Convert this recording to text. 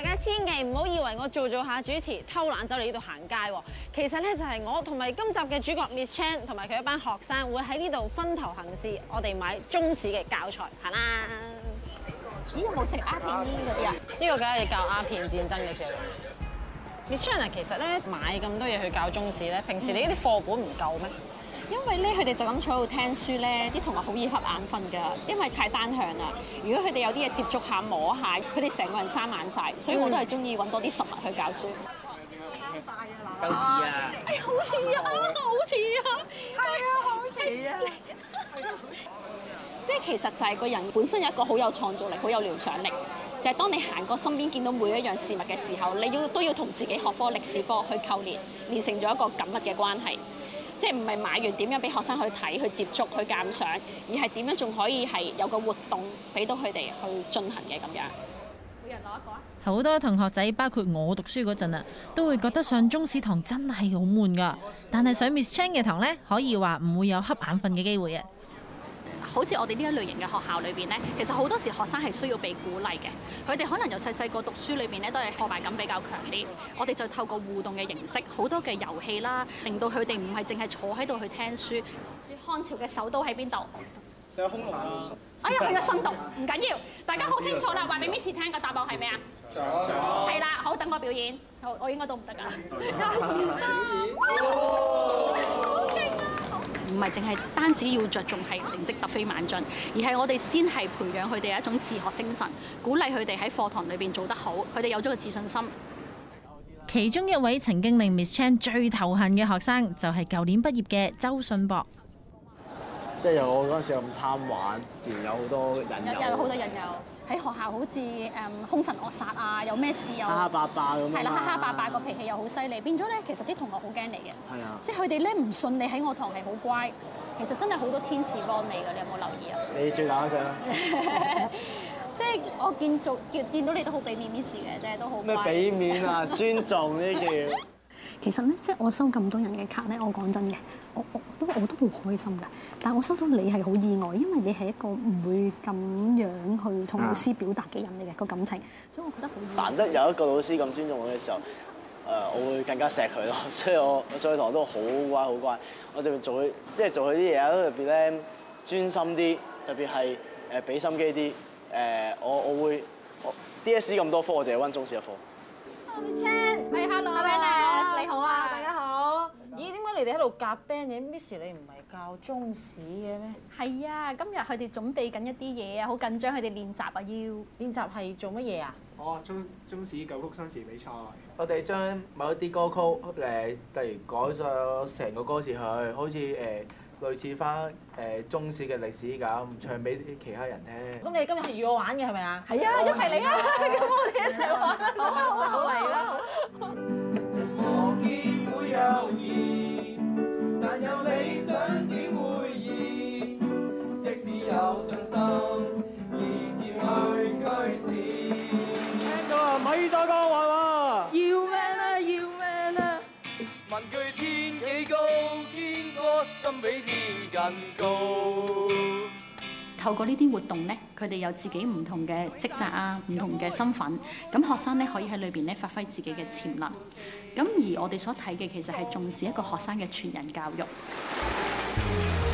大家千祈唔好以為我做做下主持偷懶走嚟呢度行街，其實咧就係我同埋今集嘅主角 Miss Chan 同埋佢一班學生會喺呢度分頭行事。我哋買中史嘅教材，行啦。嗯、咦，有冇食鴉片煙嗰啲啊？呢片些個梗係教鴉片戰爭嘅事。 Miss Chan 其實咧買咁多嘢去教中史咧，平時你呢啲課本唔夠咩？嗯因為咧，佢哋就咁坐喺度聽書咧，啲同學好易瞌眼瞓㗎，因為太單向啦。如果佢哋有啲嘢接觸下、摸下，佢哋成個人生眼晒。所以我都係中意揾多啲實物去教書。夠似啊！哎呀，好似啊，好似啊，係、哎、啊，哎、好似啊，你即係其實就係個人本身有一個好有創造力、好有聯想力，就係、是、當你行過身邊見到每一樣事物嘅時候，你要都要同自己學科、歷史科去扣連，連成咗一個緊密嘅關係。即係唔係買完點樣俾學生去睇、去接觸、去鑒賞，而係點樣仲可以係有個活動俾到佢哋去進行嘅咁樣？每人攞一個啊！好多同學仔，包括我讀書嗰陣啦，都會覺得上中史堂真係好悶㗎。但係上 Miss Chan 嘅堂咧，可以話唔會有瞌眼瞓嘅機會啊！好似我哋呢一類型嘅學校裏邊咧，其實好多時學生係需要被鼓勵嘅，佢哋可能由細細個讀書裏邊咧都係挫敗感比較強啲。我哋就透過互動嘅形式，好多嘅遊戲啦，令到佢哋唔係淨係坐喺度去聽書。漢朝嘅首都喺邊度？成個空哎呀，成個深度，唔緊要，大家好清楚啦。話俾 Miss 聽個答案係咩啊？左。係啦，好，等我表演。好，我應該都唔得㗎。唔係淨係單止要着重係成績突飛猛進，而係我哋先係培養佢哋一種自學精神，鼓勵佢哋喺課堂裏邊做得好，佢哋有咗個自信心。其中一位曾經令 Miss Chan 最頭痕嘅學生，就係舊年畢業嘅周信博。即係我嗰陣時咁貪玩，自然有好多引誘。有好多引誘。喺學校好似誒兇神惡煞啊！有咩事又哈哈霸霸咁，係啦，哈哈霸霸個脾氣又好犀利，變咗咧，其實啲同學好驚你嘅，係啊，即係佢哋咧，唔信你喺我堂係好乖，其實真係好多天使幫你嘅，你有冇留意啊？ 你最打一陣啦，即係我見做見見到你都好俾面 Miss 嘅，即係都好咩俾面啊？尊重呢條。其實咧，即係我收咁多人嘅卡咧，我講真嘅，我我，我都我都好開心㗎。但係我收到你係好意外，因為你係一個唔會咁樣去同老師表達嘅人嚟嘅個感情，所以我覺得好難得有一個老師咁尊重我嘅時候，誒、 呃，我會更加錫佢咯。所以我上堂都好乖好乖，我哋特別做佢，即係做佢啲嘢咧特別咧專心啲，特別係誒俾心機啲。誒、呃呃，我我會 DSE 咁多科，我淨係温中史一科。Hello, Miss Chan。係，Hello。你好啊，大家好！咦，點解你哋喺度夾 band 嘅？Miss 你唔係教中史嘅咩？係啊，今日佢哋準備緊一啲嘢啊，好緊張佢哋練習啊，要練習係做乜嘢啊？哦，中中史舊曲新詞比賽。我哋將某一啲歌曲誒，例如改咗成個歌詞去，好似誒類似返誒中史嘅歷史咁，唱俾其他人聽。咁你今日係要我玩嘅係咪啊？係啊，一齊嚟啊！咁我哋一齊玩，好啊，好嚟啦！透過呢啲活動咧，佢哋有自己唔同嘅職責啊，唔同嘅身份。咁學生咧可以喺裏邊咧發揮自己嘅潛能。咁而我哋所睇嘅其實係重視一個學生嘅全人教育。